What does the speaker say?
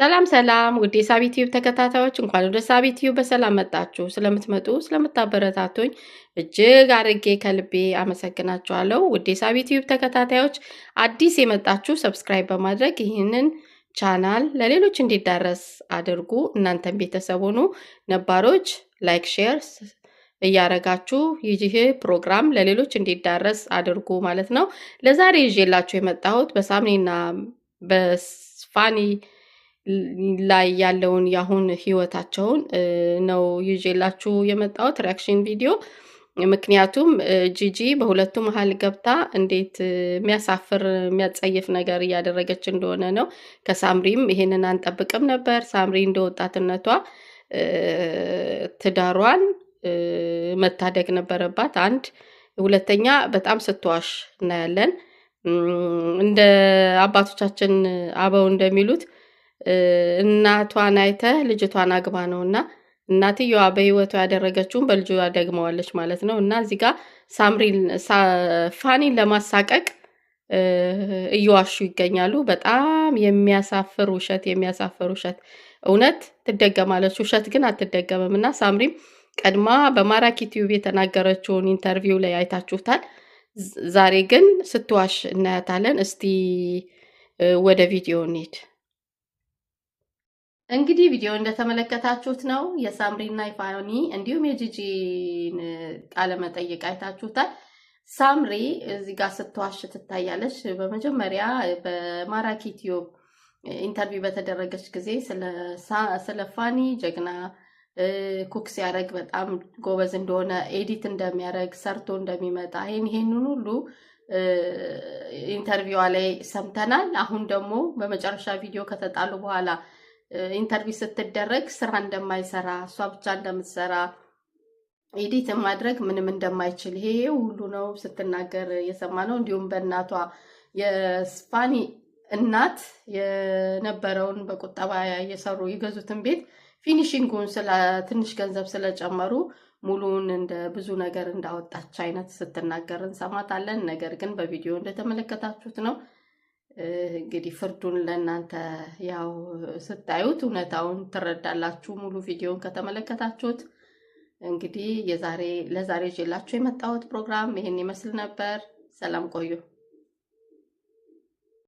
ሰላም ሰላም ውድ የሳቢ ቲዩብ ተከታታዮች እንኳን ወደ ሳቢ ቲዩብ በሰላም መጣችሁ። ስለምትመጡ ስለምታበረታቱኝ እጅግ አርጌ ከልቤ አመሰግናችኋለሁ። ውድ የሳቢ ቲዩብ ተከታታዮች አዲስ የመጣችሁ ሰብስክራይብ በማድረግ ይህንን ቻናል ለሌሎች እንዲዳረስ አድርጉ። እናንተን ቤተሰብ ሆኑ። ነባሮች ላይክ፣ ሼር እያረጋችሁ ይህ ፕሮግራም ለሌሎች እንዲዳረስ አድርጉ ማለት ነው። ለዛሬ ይዤላችሁ የመጣሁት በሳምኒና በፋኒ ላይ ያለውን የአሁን ህይወታቸውን ነው ይዤላችሁ የመጣሁት ሪያክሽን ቪዲዮ። ምክንያቱም ጂጂ በሁለቱ መሀል ገብታ እንዴት የሚያሳፍር የሚያጸይፍ ነገር እያደረገች እንደሆነ ነው። ከሳምሪም ይሄንን አንጠብቅም ነበር። ሳምሪ እንደ ወጣትነቷ ትዳሯን መታደግ ነበረባት። አንድ ሁለተኛ፣ በጣም ስትዋሽ እናያለን። እንደ አባቶቻችን አበው እንደሚሉት እናቷን አይተህ ልጅቷን አግባ ነው እና እናትየዋ በህይወቷ ያደረገችውን በልጇ ደግመዋለች ማለት ነው እና እዚህ ጋር ሳምሪን ፋኒን ለማሳቀቅ እየዋሹ ይገኛሉ። በጣም የሚያሳፍር ውሸት፣ የሚያሳፍር ውሸት። እውነት ትደገማለች፣ ውሸት ግን አትደገምም እና ሳምሪም ቀድማ በማራኪ ቲዩብ የተናገረችውን ኢንተርቪው ላይ አይታችሁታል። ዛሬ ግን ስትዋሽ እናያታለን። እስቲ ወደ ቪዲዮ እንሂድ። እንግዲህ ቪዲዮ እንደተመለከታችሁት ነው የሳምሪና የፋኒ እንዲሁም የጂጂን ቃለ መጠይቅ አይታችሁታል። ሳምሪ እዚህ ጋር ስትዋሽ ትታያለች። በመጀመሪያ በማራኪ ቲዩብ ኢንተርቪው በተደረገች ጊዜ ስለ ፋኒ ጀግና ኩክ ሲያደርግ በጣም ጎበዝ እንደሆነ ኤዲት እንደሚያደርግ ሰርቶ እንደሚመጣ ይህን ይሄንን ሁሉ ኢንተርቪዋ ላይ ሰምተናል። አሁን ደግሞ በመጨረሻ ቪዲዮ ከተጣሉ በኋላ ኢንተርቪው ስትደረግ ስራ እንደማይሰራ እሷ ብቻ እንደምትሰራ ኤዲት ማድረግ ምንም እንደማይችል ይሄ ሁሉ ነው ስትናገር የሰማ ነው። እንዲሁም በእናቷ የስፋኒ እናት የነበረውን በቁጠባ የሰሩ የገዙትን ቤት ፊኒሽንጉን ትንሽ ገንዘብ ስለጨመሩ ሙሉውን እንደ ብዙ ነገር እንዳወጣች አይነት ስትናገር እንሰማታለን። ነገር ግን በቪዲዮ እንደተመለከታችሁት ነው እንግዲህ ፍርዱን ለእናንተ ያው ስታዩት እውነታውን ትረዳላችሁ። ሙሉ ቪዲዮን ከተመለከታችሁት እንግዲህ የዛሬ ለዛሬ ይዤላችሁ የመጣሁት ፕሮግራም ይህን ይመስል ነበር። ሰላም ቆዩ።